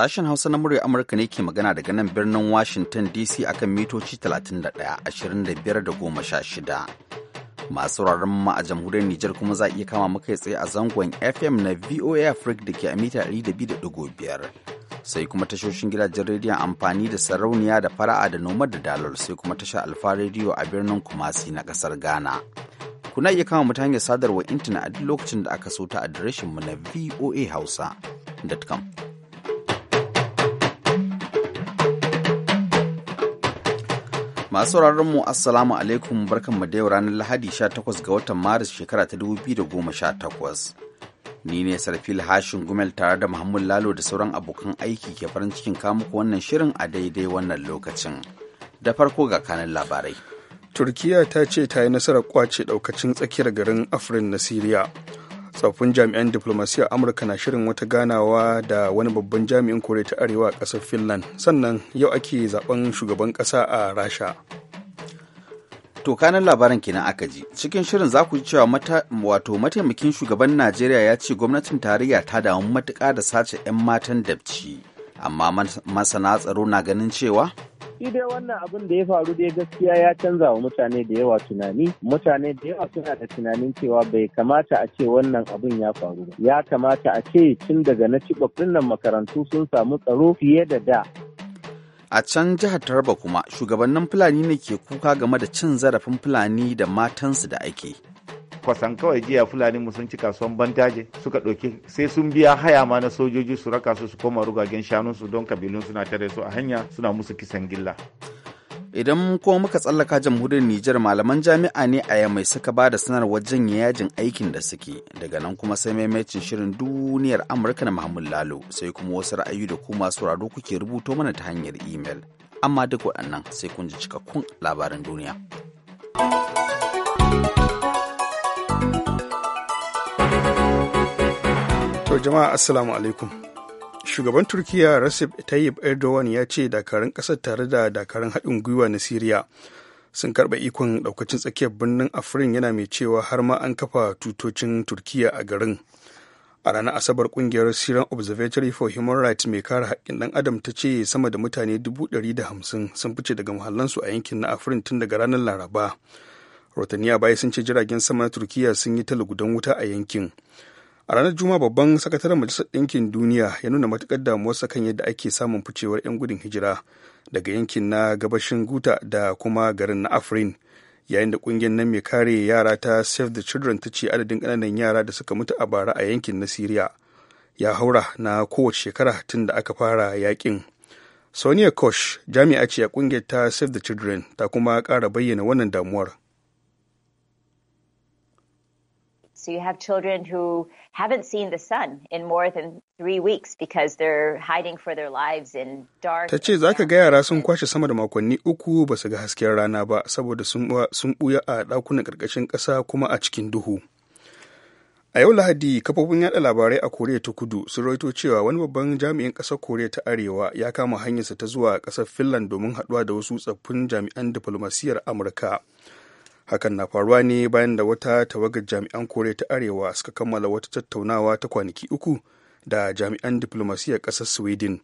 Sashen Hausa na murya Amurka ne ke magana daga nan birnin Washington DC akan mitoci 31, 25 da 16. Masu sauraron ma a jamhuriyar Nijar kuma za a iya kama muka tsaye a zangon FM na VOA Africa da ke a mita 200.5. Sai kuma tashoshin gidajen rediyon amfani da sarauniya da fara'a da noma da dalar sai kuma tasha alfa rediyo a birnin Kumasi na kasar Ghana. Kuna iya kama mutane sadarwar intanet a duk lokacin da aka so ta adireshin mu na hausa.com. Masu mu Assalamu alaikum mu da yau ranar Lahadi 18 ga watan Maris shekara ta 2018. Ni ne Sarfil Hashin Gumel tare da Muhammad Lalo da sauran abokan aiki ke farin cikin kamuku wannan shirin a daidai wannan lokacin. Da farko ga kanin labarai. Turkiya ta ce ta yi nasarar kwace daukacin tsakiyar garin Afrin na Siriya. tsoffin jami'an diplomasiyya amurka na shirin wata ganawa da wani babban jami'in kore ta arewa a kasar finland sannan yau ake zaben shugaban ƙasa a rasha to kanan labaran kenan aka ji cikin shirin za ku ji cewa wato mataimakin shugaban najeriya ya ce gwamnatin tarayya ta damu matuka da sace 'yan matan dabci amma masana tsaro na ganin cewa shi dai wannan abin da ya faru dai gaskiya ya canza wa mutane da yawa tunani mutane da yawa suna da tunanin cewa bai kamata a ce wannan abin ya faru ba ya kamata a ce tun daga na ci babbin nan makarantu sun samu tsaro fiye da da a can jihar taraba kuma shugabannin fulani ne ke kuka game da cin zarafin fulani da matansu da ake kwasan kawai jiya fulani mu sun ci kasuwan bantaje suka ɗauki sai sun biya haya ma na sojoji su raka su su koma rugagen shanunsu don kabilun suna tare su a hanya suna musu kisan gilla. idan kuma muka tsallaka jamhuriyar Nijar malaman jami'a ne a yamai suka ba da sanarwar janye yajin aikin da suke daga nan kuma sai maimacin shirin duniyar Amurka na mahmud Lalo sai kuma wasu ra'ayi da kuma masu raro kuke rubuto mana ta hanyar imel amma duk waɗannan sai kun ji cikakkun labaran duniya. To jama'a assalamu alaikum. Shugaban turkiya Recep Tayyip Erdogan ya ce dakarun ƙasar tare da dakarun haɗin gwiwa na Siriya sun karɓa ikon ɗaukacin tsakiyar birnin Afrin yana mai cewa har ma an kafa tutocin Turkiyya a garin. A ranar Asabar ƙungiyar Syrian Observatory for Human Rights mai kare haƙƙin ɗan Adam ta ce sama da mutane dubu ɗari da hamsin sun fice daga muhallansu a yankin na Afrin tun daga ranar Laraba. Rotaniya baya sun ce jiragen sama na Turkiyya sun yi ta lugudan wuta a yankin. a ranar juma babban sakataren majalisar ɗinkin duniya ya nuna matuƙar damuwarsa kan yadda ake samun ficewar 'yan gudun hijira daga yankin na gabashin guta da kuma garin na afrin yayin da ƙungiyar nan mai kare yara ta save the children ta ce adadin ƙananan yara da suka mutu a bara a yankin na syria ya haura na kowace shekara tun da aka fara yakin sonia kosh jami'a ce a ƙungiyar ta save the children ta kuma ƙara bayyana wannan damuwar So you have children who haven't seen the sun in more than three weeks because they're hiding for their lives in dark. Ta ce za ka ga yara sun kwashe sama da makonni uku ba su ga hasken rana ba saboda sun buya a ɗakunan ƙarƙashin ƙasa kuma a cikin duhu. A yau Lahadi, kafofin yada labarai a Koriya ta Kudu sun rawaito cewa wani babban jami'in ƙasar Koriya ta Arewa ya kama hanyarsa ta zuwa ƙasar Finland domin haɗuwa da wasu tsaffin jami'an diflomasiyyar Amurka. hakan na faruwa ne bayan da wata tawagar jami'an kore ta arewa suka kammala wata tattaunawa ta kwanaki uku da jami'an diplomasiyar ƙasar sweden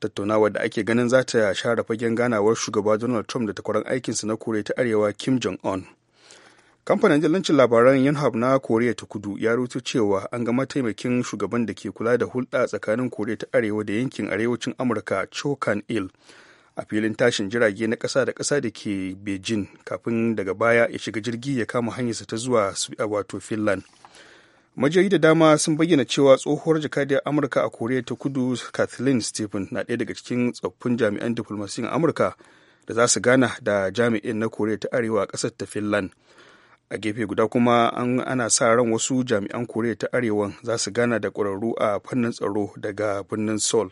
tattaunawa da ake ganin za ta share fagen ganawar shugaba donald trump da takwaran aikinsa na kore ta arewa kim jong un kamfanin jallancin labaran yonhap na koriya ta kudu ya rutu cewa an ga mataimakin shugaban da ke kula da hulɗa tsakanin koriya ta arewa da yankin arewacin amurka chokan il a filin tashin jirage na ƙasa da ƙasa da ke beijing kafin daga baya ya shiga jirgi ya kama hanyarsa ta zuwa a wato finland majiyoyi da dama sun bayyana cewa tsohuwar jakadiyar amurka a koriya ta kudu kathleen stephen na ɗaya daga cikin tsoffin jami'an diflomasiyyar amurka da za su gana da jami'in na koriya ta arewa a ƙasar ta finland a gefe guda kuma ana sa ran wasu jami'an koriya ta arewa za su gana da ƙwararru a fannin tsaro daga birnin sol.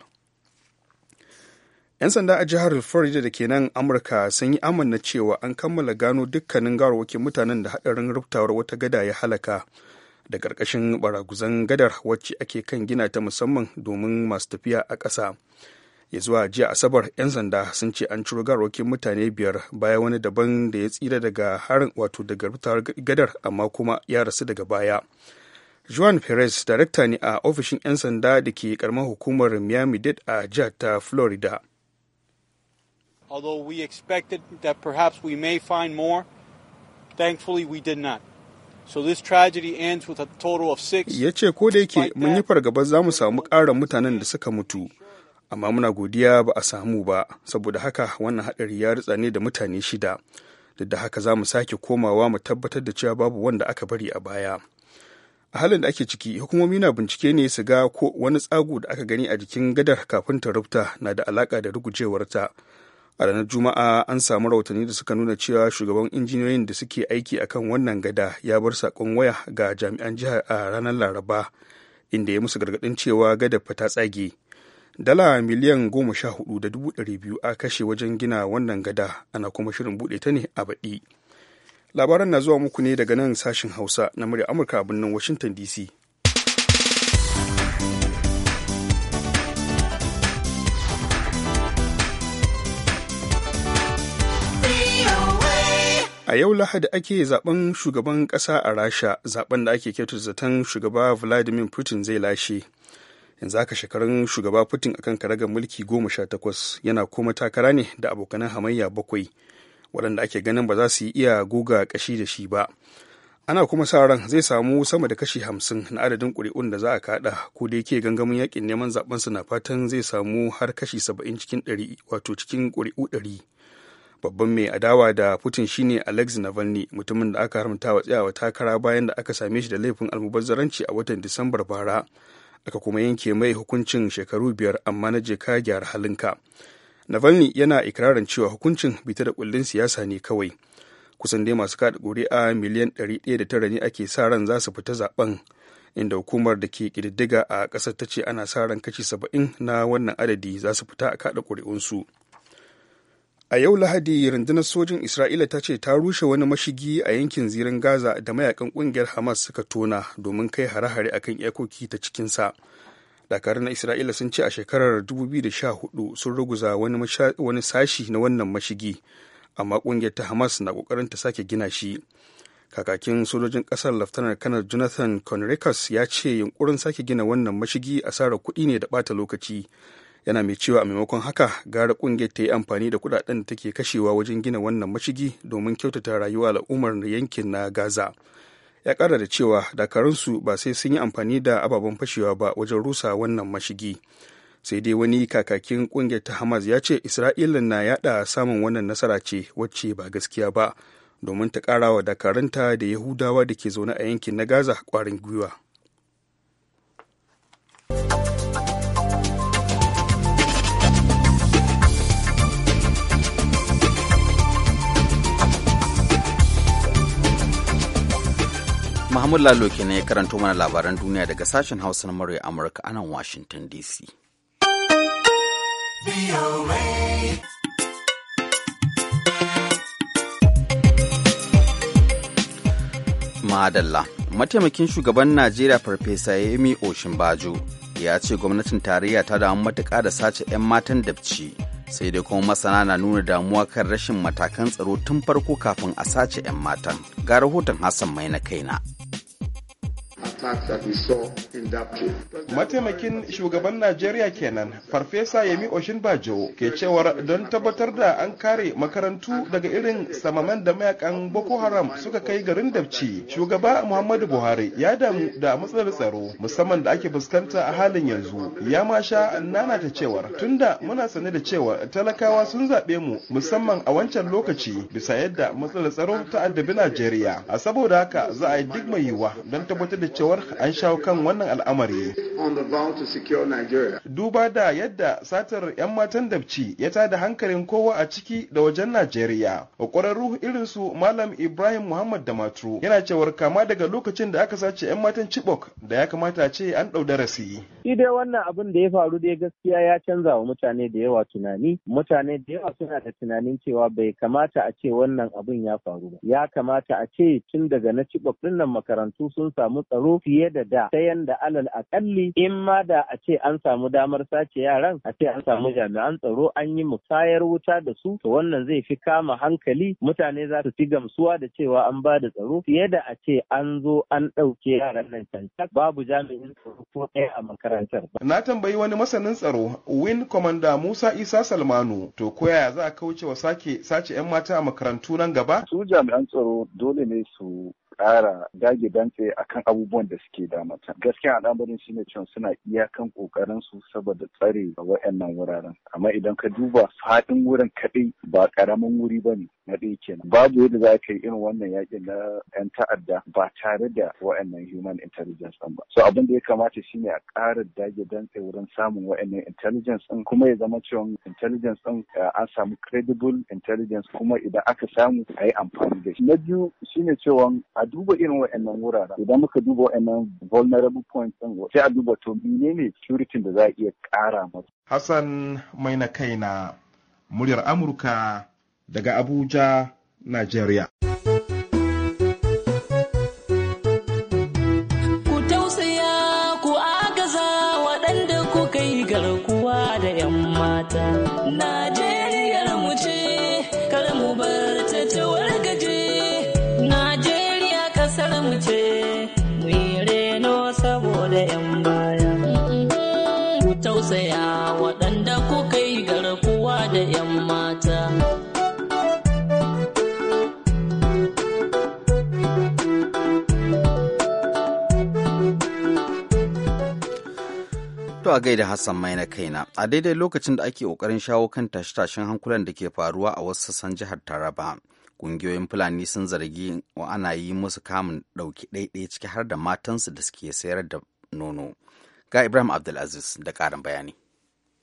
'yan sanda a jihar florida da ke nan amurka sun yi amanna cewa an kammala gano dukkanin gawarwakin mutanen da haɗarin ruftawar wata gada ya halaka da ƙarƙashin baraguzan gadar wacce ake kan gina ta musamman domin masu tafiya a ƙasa ya zuwa jiya asabar 'yan sanda sun ce an ciro gawarwakin mutane biyar baya wani daban da ya tsira daga harin wato daga ruftawar gadar amma kuma ya rasu daga baya juan perez darekta ne a ofishin 'yan sanda da ke karamar hukumar miami dade a jihar ta florida although we expected that perhaps we may find more. Thankfully, we did not. So this tragedy ends with a total of six. Ya ce ko da yake mun yi fargabar za mu samu ƙarin mutanen da suka mutu, amma muna godiya ba a samu ba, saboda haka wannan haɗari ya ritsa ne da mutane shida. Duk da haka za mu sake komawa mu tabbatar da cewa babu wanda aka bari a baya. A halin da ake ciki, hukumomi na bincike ne su ga ko wani tsago da aka gani a jikin gadar kafin ta rubuta na da alaƙa da rugujewarta. a ranar juma'a an samu rahotanni da suka nuna cewa shugaban injiniyoyin da suke aiki akan wannan gada ya bar saƙon waya ga jami'an jiha a ranar laraba inda ya musu gargadin cewa gada fata tsage dala miliyan goma sha hudu da dubu ɗari biyu a kashe wajen gina wannan gada ana kuma shirin buɗe ta ne a baɗi labaran na zuwa muku ne daga nan sashin hausa na murya amurka a birnin washington dc a yau lahadi ake zaben shugaban kasa a rasha zaben da ake kyautar zaton shugaba vladimir putin zai lashe yanzu haka shekarun shugaba putin akan karagar mulki goma sha takwas yana kuma takara ne da abokanan hamayya bakwai waɗanda ake ganin ba za su yi iya goga kashi da shi ba ana kuma sa ran zai samu sama da kashi hamsin na adadin ƙuri'un da za a kaɗa ko da yake gangamin yakin neman zaben na fatan zai samu har kashi saba'in cikin ɗari wato cikin ƙuri'u ɗari babban mai adawa da putin shine alex navalny mutumin da aka haramta wa tsayawa takara bayan da aka same shi da laifin almubazzaranci a watan disambar bara aka kuma yanke mai hukuncin shekaru biyar amma na je ka gyara halinka navalny yana ikirarin cewa hukuncin bita da kullin siyasa ne kawai kusan dai masu kada ƙuri'a miliyan 109 ne ake sa ran za su fita zaben inda hukumar da ke kididdiga a ƙasar ta ce ana sa ran kashi 70 na wannan adadi za su fita a kada ƙuri'unsu. a yau lahadi rundunar sojin isra'ila ta ce ta rushe wani mashigi a yankin zirin gaza da mayakan kungiyar hamas suka tona domin kai hare-hare akan iyakoki ta cikinsa dakarun na isra'ila sun ce a shekarar 2014 sun ruguza wani sashi na wannan mashigi amma kungiyar ta hamas na kokarin ta sake gina shi kakakin sojojin kasar laftanar kanar jonathan conricus ya ce yunkurin sake gina wannan mashigi asarar kuɗi ne da bata lokaci yana mai cewa a maimakon haka gara kungiyar ta yi amfani da kudaden da take kashewa wajen gina wannan mashigi domin kyautata rayuwa al'ummar yankin na gaza ya kara da cewa dakaransu ba sai sun yi amfani da ababen fashewa ba wajen rusa wannan mashigi sai dai wani kakakin kungiyar ta hamas ya ce isra'ila na yada samun wannan nasara ce wacce ba gaskiya ba domin ta kara wa dakaranta da yahudawa da ke zaune a yankin na gaza kwarin gwiwa Mahmud Lalo kenan ya karanto mana labaran duniya daga sashen Hausa na murya Amurka anan Washington DC. Madalla, mataimakin shugaban Najeriya Farfesa Yemi Oshinbajo ya ce gwamnatin tarayya ta damu matuƙa da sace 'yan matan dabci sai dai kuma masana na nuna damuwa kan rashin matakan tsaro tun farko kafin a sace 'yan matan ga rahoton Hassan mai na kaina. Mataimakin shugaban Najeriya kenan, Farfesa Yemi Oshinbajo ke cewar don tabbatar da an kare makarantu daga irin samaman da mayakan Boko Haram suka kai garin Dabci. Shugaba Muhammadu Buhari ya damu da matsalar tsaro musamman da ake fuskanta a halin yanzu. Ya masha nana ta cewar tunda muna sane da cewa talakawa sun zaɓe mu musamman a wancan lokaci bisa yadda matsalar tsaro ta addabi Najeriya. A saboda haka za a yi duk mai yiwuwa don tabbatar da cewa cewar an shawo kan wannan al'amari. Duba da yadda satar 'yan matan dabci ya ta da hankalin kowa a ciki da wajen Najeriya. Ƙwararru irin su Malam Ibrahim Muhammad da Maturu yana cewar kama daga lokacin da aka sace 'yan matan Chibok da ya kamata ce an ɗau darasi. Shi dai wannan abin da ya faru dai gaskiya ya canza wa mutane da yawa tunani. Mutane da yawa suna da tunanin cewa bai kamata a ce wannan abin ya faru ba. Ya kamata a ce tun daga na Chibok ɗin makarantu sun samu tsaro fiye da da ta yanda alal akalli in ma da a ce an samu damar sace yaran a ce an samu jami'an tsaro an yi musayar wuta da su to wannan zai fi kama hankali mutane za su fi gamsuwa da cewa an ba da tsaro fiye da a ce an zo an ɗauke yaran nan cancak babu jami'in tsaro ko ɗaya a makarantar. Na tambayi wani masanin tsaro Win Commander Musa Isa Salmanu to ko yaya za a kauce wa sake sace 'yan mata a makarantu nan gaba? Su jami'an tsaro dole ne su ƙara dage dantse akan abubuwan da suke damata. Gaskiya al'amarin ne cewa suna iya kan ƙoƙarin su saboda tsare wa'annan wuraren. Amma idan ka duba faɗin wurin kaɗai ba ƙaramin wuri ba ne na ɗaya kenan. Babu yadda za ka yi irin wannan yaƙin na 'yan ta'adda ba tare da wa'annan human intelligence ɗin ba. So abin da ya kamata shine a ƙara dage dantse wurin samun wa'annan intelligence ɗin kuma ya zama cewa intelligence ɗin eh, an samu credible intelligence kuma idan aka samu a yi amfani da shi. Na biyu shine cewa a duba irin waɗannan wuraren idan muka duba waɗannan vulnerable points ɗin sai a duba to ne security da za a iya ƙara masu. Hassan mai na kai na muryar Amurka daga Abuja, Najeriya. tsaya waɗanda ku kai garkuwa da 'yan mata. To a gaida Hassan mai na kaina, a daidai lokacin da ake ƙoƙarin shawo kan tashe-tashen hankulan da ke faruwa a wasu sassan jihar Taraba. ƙungiyoyin fulani sun zargi wa ana yi musu kamun ɗauki ɗaiɗai ciki har da matansu da suke sayar da nono Ga Ibrahim Abdulaziz da ƙarin bayani.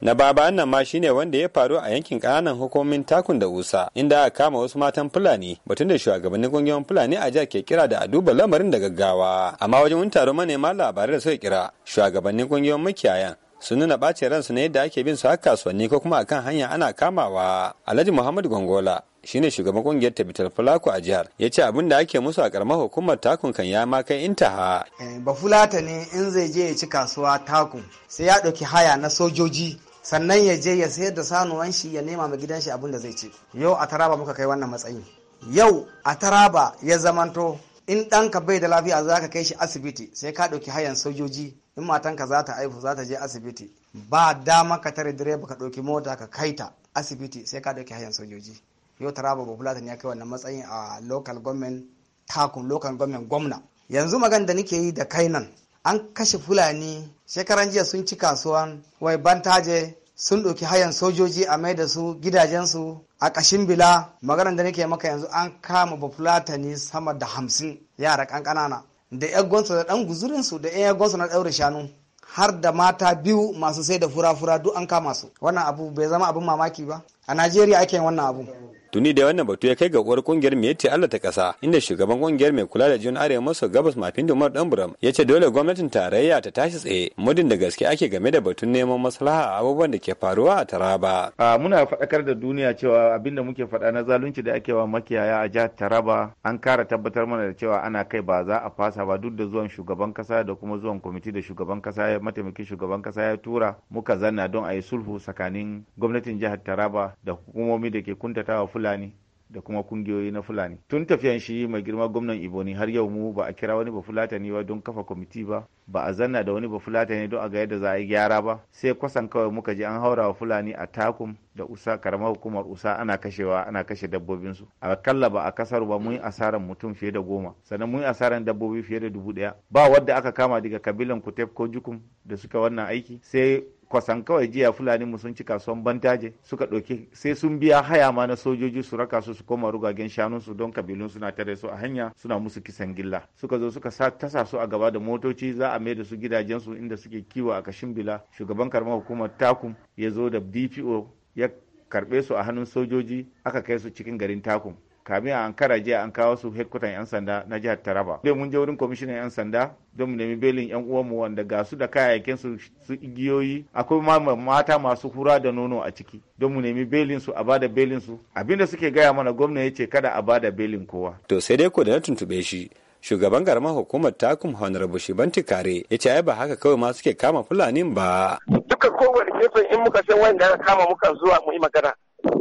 na baba nan ma shine wanda ya faru a yankin ƙananan hukumomin takun da usa inda aka kama wasu matan fulani batun da shugabannin kungiyoyin fulani a jihar ke kira da a duba lamarin da gaggawa amma wajen wani taro manema labarai da suka kira shugabannin ƙungiyoyin makiyayan su nuna ɓacin ransu na yadda ake bin su har kasuwanni ko kuma akan hanya ana kamawa alhaji muhammad gongola shine shugaban kungiyar tabitar fulako a jihar ya ce abin da ake musu a karamar hukumar takun kan ya ma kai intaha eh, ba fulata ne in zai je ya ci kasuwa takun sai ya ɗauki haya na sojoji sannan ya je ya sayar da sanuwan shi ya nema ma gidan shi abin da zai ci yau a taraba muka kai wannan matsayin yau a taraba ya zamanto in ɗanka bai da lafiya za ka kai shi asibiti sai ka ɗauki hayan sojoji in matanka za ta haihu za ta je asibiti ba dama ka tare direba ka ɗauki mota ka kai ta asibiti sai ka ɗauki hayan sojoji yau taraba bafulatan ya kai wannan matsayin a local government takun local government gwamna yanzu magan da nake yi da kai nan an kashe fulani shekaran jiya sun ci kasuwan wai bantaje sun ɗauki hayan sojoji a mai da su gidajensu a ƙashin bila maganar da nake maka yanzu an kama bafulatani sama da hamsin yara ƙanƙanana da yaggonsu da ɗan guzurinsu da yaggonsu na ɗaure shanu har da mata biyu masu sai da fura-fura duk an kama su wannan abu bai zama abin mamaki ba a najeriya ake yin wannan abu tuni da wannan batu ya kai ga uwar kungiyar miyatti Allah ta kasa inda shugaban kungiyar mai kula da jihun arewa maso gabas mafin dan danburam ya ce dole gwamnatin tarayya ta tashi tsaye mudin da gaske ake game da batun neman maslaha a abubuwan da ke faruwa a taraba a muna faɗakar da duniya cewa abin da muke faɗa na zalunci da ake wa makiyaya a jihar taraba an kara tabbatar mana da cewa ana kai ba za a fasa ba duk da zuwan shugaban kasa da kuma zuwan kwamiti da shugaban kasa ya mataimakin shugaban kasa ya tura muka zanna don a yi sulhu tsakanin gwamnatin jihar taraba da hukumomi da ke kuntatawa fulani da kuma kungiyoyi na fulani tun tafiyan shi mai girma gwamnan iboni har yau mu ba a kira wani ba fulatani ba don kafa kwamiti ba ba a zanna da wani ba fulatani don a ga yadda za a yi gyara ba sai kwasan kawai muka je an haura wa fulani a takum da usa karamar hukumar usa ana kashewa ana kashe dabbobinsu a kalla ba a kasar ba mun yi asaran mutum fiye da goma sannan mun yi asaran dabbobi fiye da dubu daya ba wadda aka kama daga kabilan kutef ko jukum da suka wannan aiki sai kwasan kawai jiya fulani mu sun ci kasuwan bantaje suka ɗauki sai sun biya haya ma na sojoji su raka su su koma rugagen shanun su don kabilun suna tare su a hanya suna musu kisan gilla suka zo suka tasa su a gaba da motoci za a mai da su gidajen su inda suke kiwo a kashin bila shugaban karamar hukumar takum ya zo da dpo ya karbe su a hannun sojoji aka kai su cikin garin takum kamin a ankara jiya an kawo su hekutan yan sanda na jihar taraba dai mun je wurin kwamishinan yan sanda don mu nemi belin yan uwanmu wanda ga su da kayayyakin su su igiyoyi akwai ma mata masu hura da nono a ciki don mu nemi belin su a bada belin su abinda suke gaya mana gwamna ya ce kada a bada belin kowa to sai dai ko da na tuntube shi shugaban garma hukumar takum honorable shibanti kare ya ce ba haka kawai ma suke kama fulani ba duka kowane gefe in muka san wanda aka kama muka zuwa mu yi magana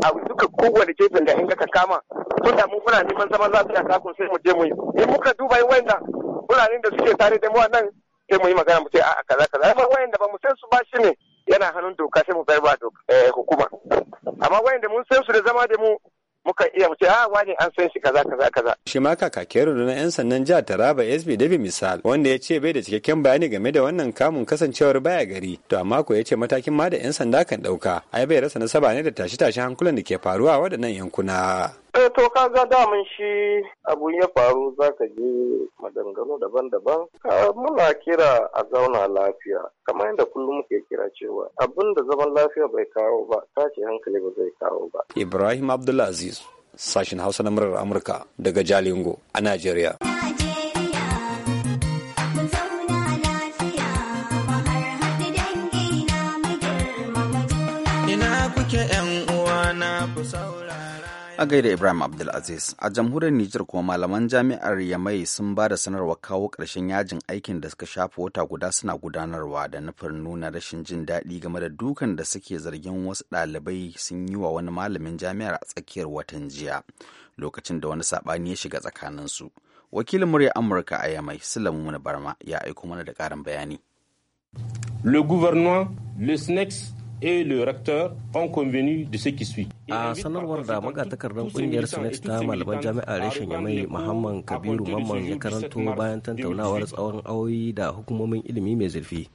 a duka kowane gefen da in ka kama tun da mun kuna neman zaman lafiya kafin sai mu je mu yi in muka duba wanda biranen da suke tare da mu nan sai mu yi magana mu ce a kaza kaza amma wayanda ba mu san su ba shi ne yana hannun doka sai mu bar ba eh, hukuma amma wayanda mun san su da zama da mu Muka iya mu ce a ah, wani an san shi kaza kaza kaza shi ma kakakin rundunar yan sandan jihar Taraba SB David misal wanda ya ce bai da cikakken bayani game da wannan kamun kasancewar baya gari to amma ko ya ce matakin ma da yan sanda kan dauka ai bai rasa nasaba ne da tashi tashi hankulan da ke faruwa waɗannan yankuna Eh to ka ga damun shi abun ya faru za ka je madangano daban-daban. Eh, muna kira a zauna lafiya kamar yadda kullum muke kira cewa abin da zaman lafiya bai kawo ba tashi hankali ba zai kawo ba. Ibrahim Abdulaziz sashen Hausa na murar Amurka daga Jalingo a Najeriya. Ina kuke 'yan uwa na saura. a gaida ibrahim abdulaziz a jamhuriyar nijar kuma malaman jami'ar yamai sun ba da sanarwa kawo ƙarshen yajin aikin da suka shafa wata guda suna gudanarwa da nufin nuna rashin jin daɗi game da dukan da suke zargin wasu ɗalibai sun yi wa wani malamin jami'ar a tsakiyar watan jiya lokacin da wani saɓani ya shiga tsakaninsu wakilin murya amurka a yamai sulamu barma ya aiko mana da ƙarin bayani le gouvernement le snex et le recteur ont convenu de ce qui suit. A sanarwar da magatakardar kungiyar senate ta malaman jami'ar reshen Yamai Muhammad Kabiru Mamman ya karanto bayan tantaunawar tsawon awoyi da hukumomin ilimi mai zurfi.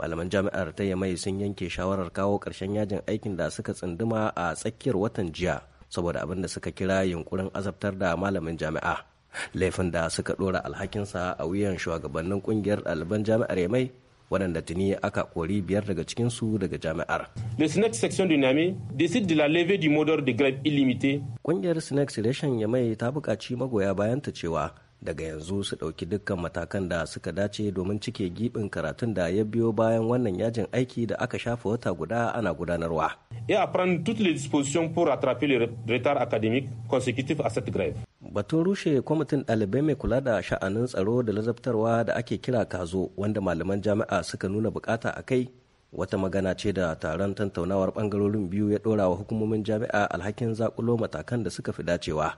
Malaman jami'ar ta Yamai sun yanke shawarar kawo karshen yajin aikin da suka tsunduma a tsakiyar watan jiya saboda abin da suka kira yunkurin azabtar da malamin jami'a. Laifin da suka ɗora alhakinsa a wuyan shugabannin kungiyar ɗaliban jami'ar Yamai waɗanda tuni aka kori biyar daga cikinsu daga jami'ar. The Snack Section Dyname décide de la levée du modeur de grève illimité. Ƙungiyar Snack Reshen Yamai ta bukaci magoya bayanta cewa daga yanzu su ɗauki dukkan matakan da suka dace domin cike giɓin karatun da ya biyo bayan wannan yajin aiki da aka shafa wata guda ana gudanarwa. Et à prendre toutes les dispositions pour rattraper le retard académique consécutif à cette grève. batun rushe kwamitin ɗalibai mai kula da sha'anin tsaro da lazabtarwa da ake kira kazo wanda malaman jami'a suka nuna bukata a kai wata magana ce da taron tantaunawar bangarorin biyu ya ɗora wa hukumomin jami'a alhakin zakulo matakan da suka fi dacewa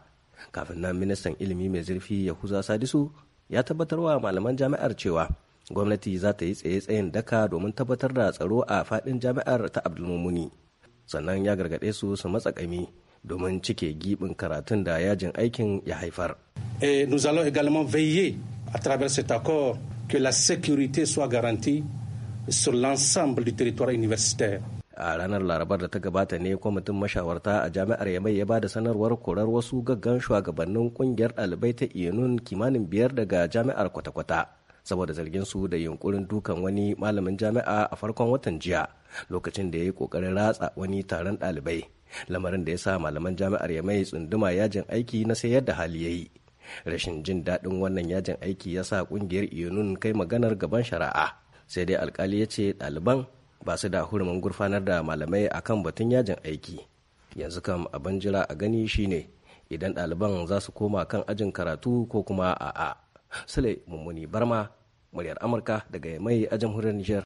kafin nan ministan ilimi mai zurfi yahuza sadisu ya tabbatar wa malaman jami'ar cewa gwamnati za ta yi tsaye-tsayen daka domin tabbatar da tsaro a faɗin jami'ar ta abdulmumuni sannan ya gargaɗe su su matsa ƙami domin cike gibin karatun da yajin aikin ya haifar. Et nous allons également veiller à travers cet accord que la sécurité soit garantie sur l'ensemble du territoire universitaire. a ranar larabar da ta gabata ne kwamitin mashawarta a jami'ar yamai ya ba da sanarwar korar wasu gaggan shugabannin kungiyar ɗalibai ta inun kimanin biyar daga jami'ar kwata-kwata saboda zargin su da yunkurin dukan wani malamin jami'a a farkon watan jiya lokacin da ya yi ƙoƙarin ratsa wani taron ɗalibai lamarin da ya sa malaman jami'ar ya mai tsunduma yajin aiki na sai yadda hali ya yi rashin jin daɗin wannan yajin aiki ya sa ƙungiyar iyonun kai maganar gaban shari'a sai dai alkali ya ce ɗaliban ba su da hurumin gurfanar da malamai akan batun yajin aiki yanzu kam abin jira a gani shine idan ɗaliban za su koma kan ajin karatu ko kuma a'a sule mummuni barma muryar amurka daga mai a jamhuriyar nijar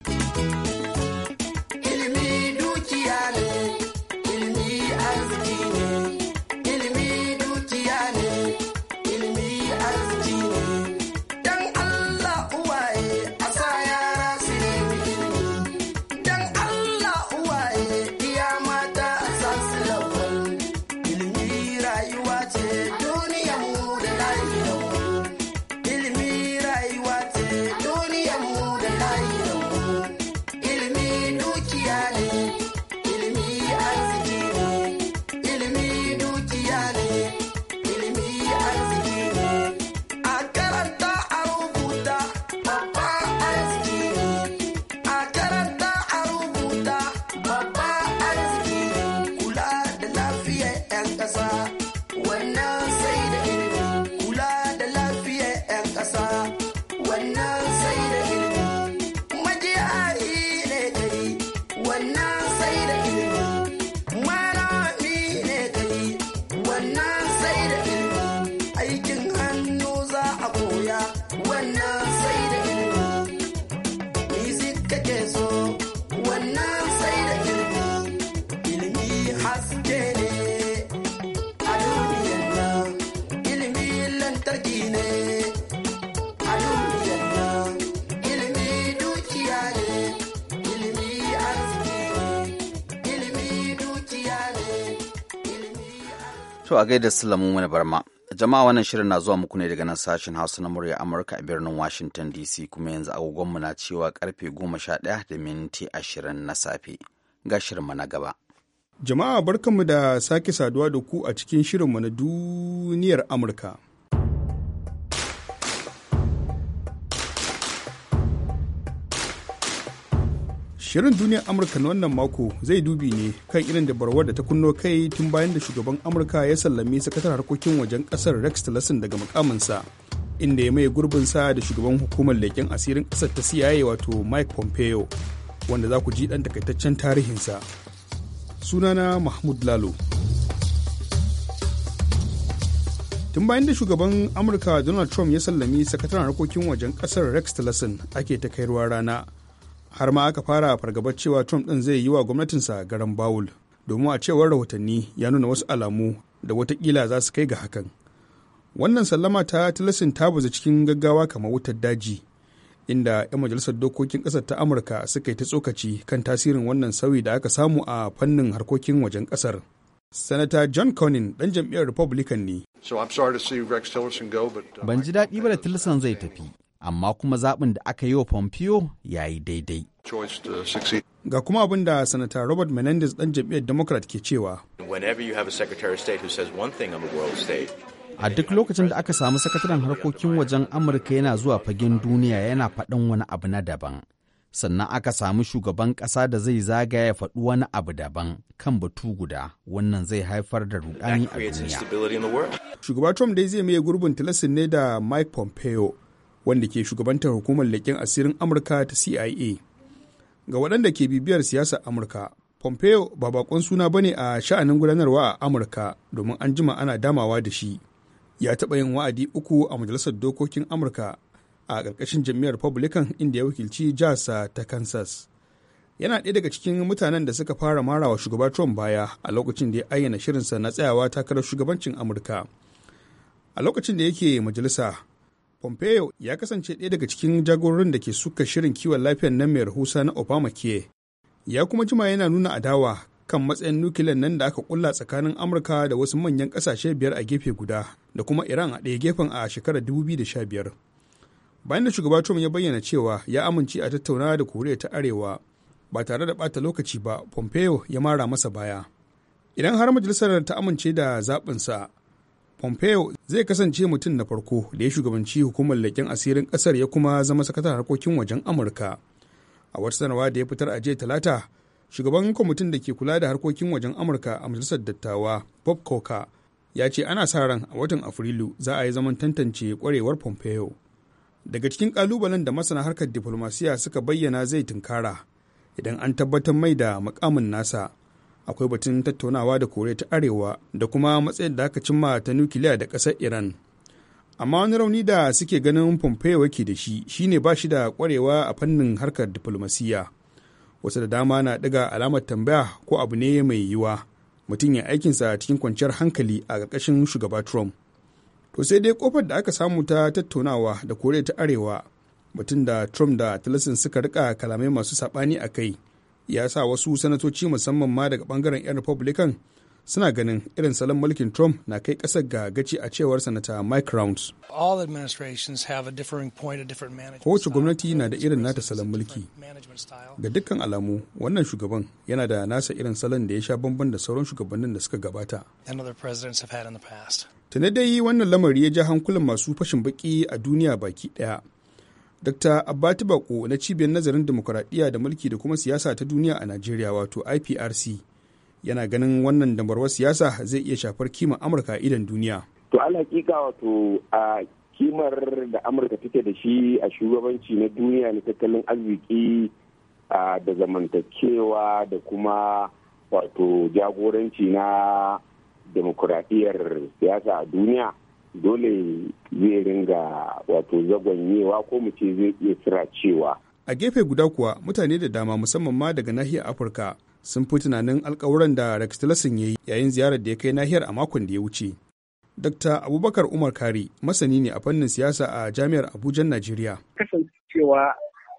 gaskiya wannan sai da ilimi kake so wannan sai da ilimi ilimi haske ne a duniyar nan ilimi lantarki ne a duniyar nan ilimi dukiya ne ilimi arziki ne ilimi dukiya ne ilimi to a gaida sulamu mana barma jama'a wannan shirin na zuwa muku ne daga nan sashen hausa na murya amurka a birnin washington dc kuma yanzu agogonmu na cewa karfe goma sha ɗaya da minti ashirin na safe ga shirinmu na gaba jama'a barkanmu da sake saduwa da ku a cikin shirinmu na duniyar amurka Shirin duniyar Amurka na wannan mako zai dubi ne kan irin da dabarwar da ta kunno kai tun bayan da shugaban Amurka ya sallami sakatar harkokin wajen kasar Rex Tillerson daga mukaminsa inda ya mai gurbin sa da shugaban hukumar leken asirin ƙasar ta CIA wato Mike Pompeo wanda za ku ji dan takaitaccen tarihinsa. Sunana Mahmud Lalo. tun bayan da shugaban amurka donald trump ya sallami sakataren harkokin wajen kasar rex tillerson ake ta kairuwa rana har ma aka fara fargabar cewa trump ɗin zai yi wa gwamnatinsa garan bawul domin a cewar rahotanni ya nuna wasu alamu da watakila za su kai ga hakan wannan sallama ta tilasin ta baza cikin gaggawa kamar wutar daji inda 'yan majalisar dokokin ƙasar ta amurka suka yi ta tsokaci kan tasirin wannan sauyi da aka samu a fannin harkokin wajen ƙasar Sanata John Conin dan jam'iyyar Republican ne. Uh, Ban ji daɗi ba da Tillerson zai tafi, amma kuma zaɓin da aka yi wa Pompeo ya yi daidai. Ga kuma abin da Sanata Robert Menendez ɗan jam'iyyar Democrat ke cewa. A duk lokacin da aka samu sakataren harkokin wajen Amurka yana zuwa fagen duniya yana faɗin wani abu na daban. Sannan aka samu shugaban ƙasa da zai zagaya ya faɗi wani abu daban kan batu guda wannan zai haifar da rudani a duniya. Shugaba Trump dai zai maye gurbin tilasin ne da Mike Pompeo wanda ke shugabantar hukumar leƙen asirin amurka ta cia ga waɗanda ke bibiyar siyasar amurka pompeo ba bakon suna ba ne a sha'anin gudanarwa a amurka domin an jima ana damawa da shi ya taɓa yin wa'adi uku a majalisar dokokin amurka a ƙarƙashin jam'iyyar republican inda ya wakilci jasa ta kansas yana ɗaya daga cikin mutanen da suka fara marawa shugaba Trump baya a lokacin da ya ayyana shirinsa na tsayawa takarar shugabancin Amurka. A lokacin da yake majalisa, Pompeo ya kasance ɗaya daga cikin jagororin da ke suka shirin kiwon lafiyar nan mai rahusa na Obamacare. Ya kuma jima yana nuna adawa kan matsayin nukiliyan nan da aka kulla tsakanin Amurka da wasu manyan ƙasashe biyar a gefe guda da kuma Iran a ɗaya gefen a shekarar 2015. Bayan da shugaba Trump ya bayyana cewa ya amince a tattauna da Koriya ta Arewa ba tare da ɓata lokaci ba, Pompeo ya mara masa baya. Idan har majalisar ta amince da zaɓinsa, Pompeo zai kasance mutum na farko da ya shugabanci hukumar leƙen asirin ƙasar ya kuma zama sakatar harkokin wajen Amurka. A wata sanarwa da ya fitar a jiya Talata, shugaban kwamitin da ke kula da harkokin wajen Amurka a Majalisar Dattawa, Bob Coker, ya ce ana sa ran a watan Afrilu za a yi zaman tantance kwarewar Pompeo. Daga cikin kalubalen da masana harkar diflomasiya suka bayyana zai tunkara idan an tabbatar mai da makamin nasa akwai batun tattaunawa da koriya ta arewa da kuma matsayin da aka cimma ta nukiliya da ƙasar iran amma wani rauni da suke ganin pompeo yake da shi shine ba shi da kwarewa a fannin harkar diflomasiyya wasu da dama na daga alamar tambaya ko abu ne mai yiwuwa mutum ya aikinsa cikin kwanciyar hankali a ƙarƙashin shugaba trump to sai dai kofar da aka samu ta tattaunawa da koriya ta arewa batun da trump da talasin suka rika kalamai masu saɓani a kai ya sa wasu sanatoci musamman ma daga bangaren 'yan republican suna ganin irin salon mulkin trump na kai ƙasar ga gaci a cewar sanata mike rounds kowace gwamnati na da irin nata salon mulki ga dukkan alamu wannan shugaban yana da nasa irin salon da ya sha bamban da sauran shugabannin da suka gabata tana dai wannan lamari ya ja hankulan masu fashin baki a duniya baki daya Dr. Abbati Bako na cibiyar nazarin demokuraɗiyya da mulki da kuma siyasa ta duniya a Najeriya wato IPRC yana ganin wannan dambarwar siyasa zai iya shafar kima Amurka idan duniya. To alhaƙiƙa wato a kimar da Amurka take da shi a shugabanci na duniya na tattalin arziki da zamantakewa da kuma wato jagoranci na demokuraɗiyyar siyasa a duniya dole zai ringa wato zagonyewa ko mu ce zai iya tsira cewa. A gefe guda kuwa mutane da dama musamman ma daga nahiyar Afirka sun fi tunanin alkawuran da Rex Tillerson ya yi yayin ziyarar da ya kai nahiyar a makon da ya wuce. Dr. Abubakar Umar Kari masani ne a fannin siyasa a Jami'ar Abuja, Najeriya. Kasancewa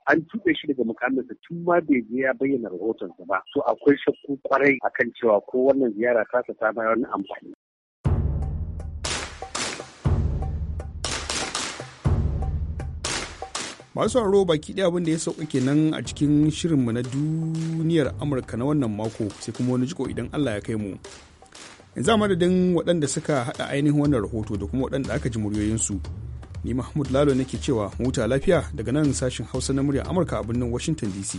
an tuɓe shi daga mukaminsa tun ma bai je ya bayyana rahotonsa ba to akwai shakku kwarai akan cewa ko wannan ziyara ta ta ma wani amfani masu sauraro baki ɗaya abin da ya sauka kenan a cikin shirinmu na duniyar amurka na wannan mako sai kuma wani jiko idan allah ya kai mu yanzu a madadin waɗanda suka haɗa ainihin wannan rahoto da kuma waɗanda aka ji muryoyinsu ni mahmud lalo nake cewa huta lafiya daga nan sashin hausa na murya amurka a birnin washington dc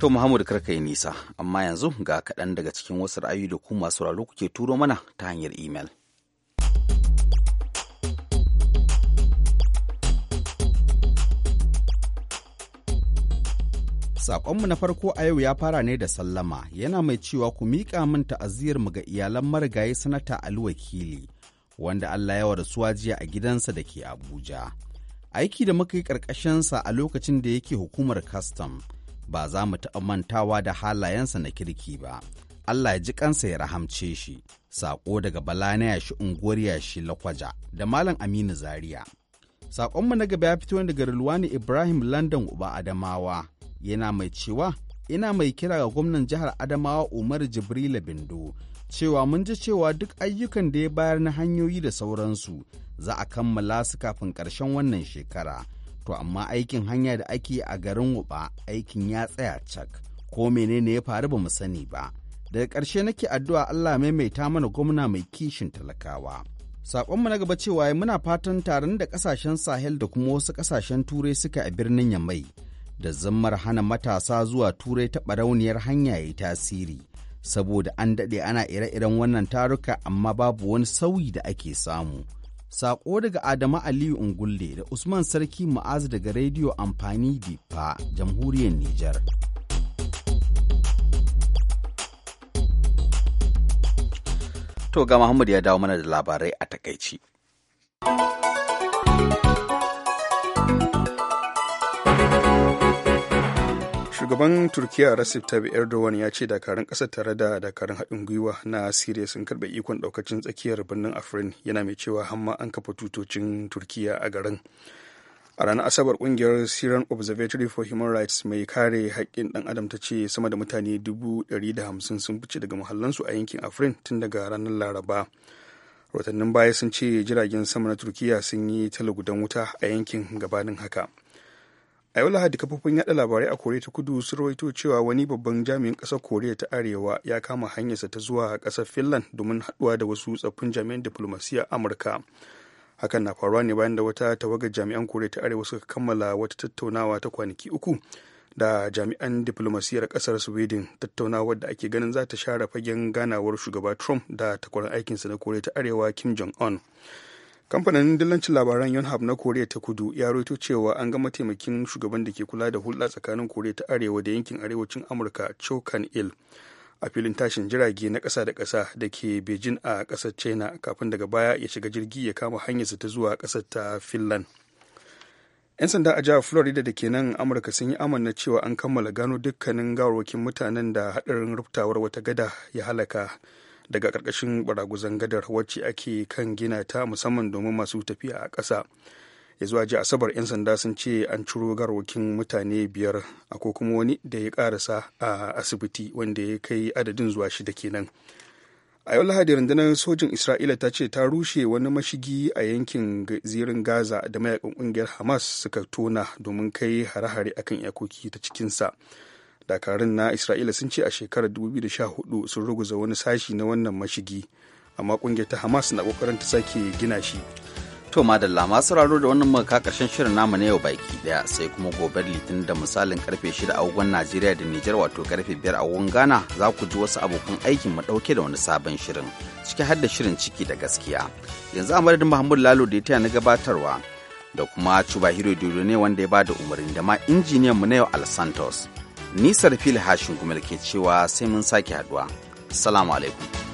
To Muhammadu karka yi nisa, amma yanzu ga kaɗan daga cikin wasu ra'ayi da kuma masu raro kuke turo mana ta hanyar imel. Saƙonmu na farko a yau ya fara ne da sallama yana mai cewa ku miƙa min mu ga iyalan marigayi sanata Ali Wakili wanda Allah ya suwa jiya a gidansa da ke Abuja. Aiki da muka yi ƙarƙashinsa a lokacin da yake hukumar kastam. ba za mu taɓa mantawa da halayensa na kirki ba. Allah ya ji kansa ya rahamce shi, saƙo daga Bala na yashi unguwar yashi lakwaja da Malam Aminu Zaria. Saƙonmu na gaba ya fito daga Rulwani Ibrahim London Uba Adamawa, yana mai cewa ina mai kira ga gwamnan jihar Adamawa Umar Jibrila Bindo, cewa mun ji cewa duk ayyukan da ya bayar na hanyoyi da sauransu za a kammala su kafin ƙarshen wannan shekara. To amma aikin hanya da ake a garin Wuba aikin ya tsaya cak, ko menene ya faru ba mu sani ba. Daga ƙarshe nake addu'a Allah maimaita mana gwamna mai kishin talakawa. Saƙonmu na gaba cewa muna fatan taron da ƙasashen Sahel da kuma wasu ƙasashen Turai suka a birnin Yamai, da zammar hana matasa zuwa Turai ta barauniyar hanya ya tasiri. Saboda an daɗe ana ire-iren wannan taruka amma babu wani sauyi da ake samu. Sako daga Adamu Aliyu Ungulle da Usman Sarki Ma'azu daga Rediyo Amfani Difa, Jamhuriyar Nijar. To ga Muhammad ya dawo mana da labarai a takaici. shugaban turkiya recep tayyip erdogan ya ce dakarun kasa tare da dakarun haɗin gwiwa na siriya sun karɓe ikon ɗaukacin tsakiyar birnin afirin yana mai cewa hamma an kafa tutocin turkiya a garin a ranar asabar kungiyar syrian observatory for human rights mai kare haƙƙin ɗan adam ta ce sama da mutane 150 sun fice daga muhallansu a yankin afirin tun daga ranar laraba rotannin baya sun ce jiragen sama na turkiya sun yi talagudan wuta a yankin gabanin haka a yau lahadi kafofin yada labarai a koriya ta kudu sun rawaito cewa wani babban jami'in kasar koriya ta arewa ya kama hanyarsa ta zuwa kasar finland domin haduwa da wasu tsaffin jami'an diplomasiyyar amurka hakan na faruwa ne bayan da wata tawaga jami'an koriya ta arewa suka kammala wata tattaunawa ta kwanaki uku da jami'an diplomasiyyar kasar sweden tattaunawar da ake ganin za ta share fagen ganawar shugaba trump da takwarar aikinsa na koriya ta arewa kim jong un kamfanin dillancin labaran yonhap na koriya ta kudu ya roito cewa an ga mataimakin shugaban da ke kula da hulɗa tsakanin koriya ta arewa da yankin arewacin amurka chokan il a filin tashin jirage na ƙasa da ƙasa da ke beijing a ƙasar china kafin daga baya ya shiga jirgi ya kama hanyarsa ta zuwa ƙasar ta finland 'yan sanda a jihar florida da ke nan amurka sun yi amanna cewa an kammala gano dukkanin gawarwakin mutanen da haɗarin ruftawar wata gada ya halaka daga ƙarƙashin baraguzan gadar wacce ake kan gina ta musamman domin masu tafiya a ƙasa ya zuwa ji asabar 'yan sanda sun ce an ciro garwakin mutane biyar a ko kuma wani da ya karasa a asibiti wanda ya kai adadin zuwa shida kenan a yau lahadi rundunar sojin isra'ila ta ce ta rushe wani mashigi a yankin zirin gaza da mayakan kungiyar hamas suka tona domin kai hare-hare akan iyakoki ta cikinsa. dakarun na isra'ila sun ce a shekarar 2014 sun ruguza wani sashi na wannan mashigi amma kungiyar ta hamas na kokarin ta sake gina shi to da masu raro da wannan muka karshen shirin namu na yau baki daya sai kuma gobe litinin da misalin karfe 6 a agogon najeriya da nijar wato karfe 5 a agogon ghana za ku ji wasu abokan aikin mu dauke da wani sabon shirin ciki har da shirin ciki da gaskiya yanzu a madadin mahmud lalo da ya taya na gabatarwa da kuma Chubahiro Dodo ne wanda ya bada da umarni da ma injiniyan mu na yau Al Santos. nisar fili hashin kuma da ke cewa sai mun sake haduwa salamu alaikum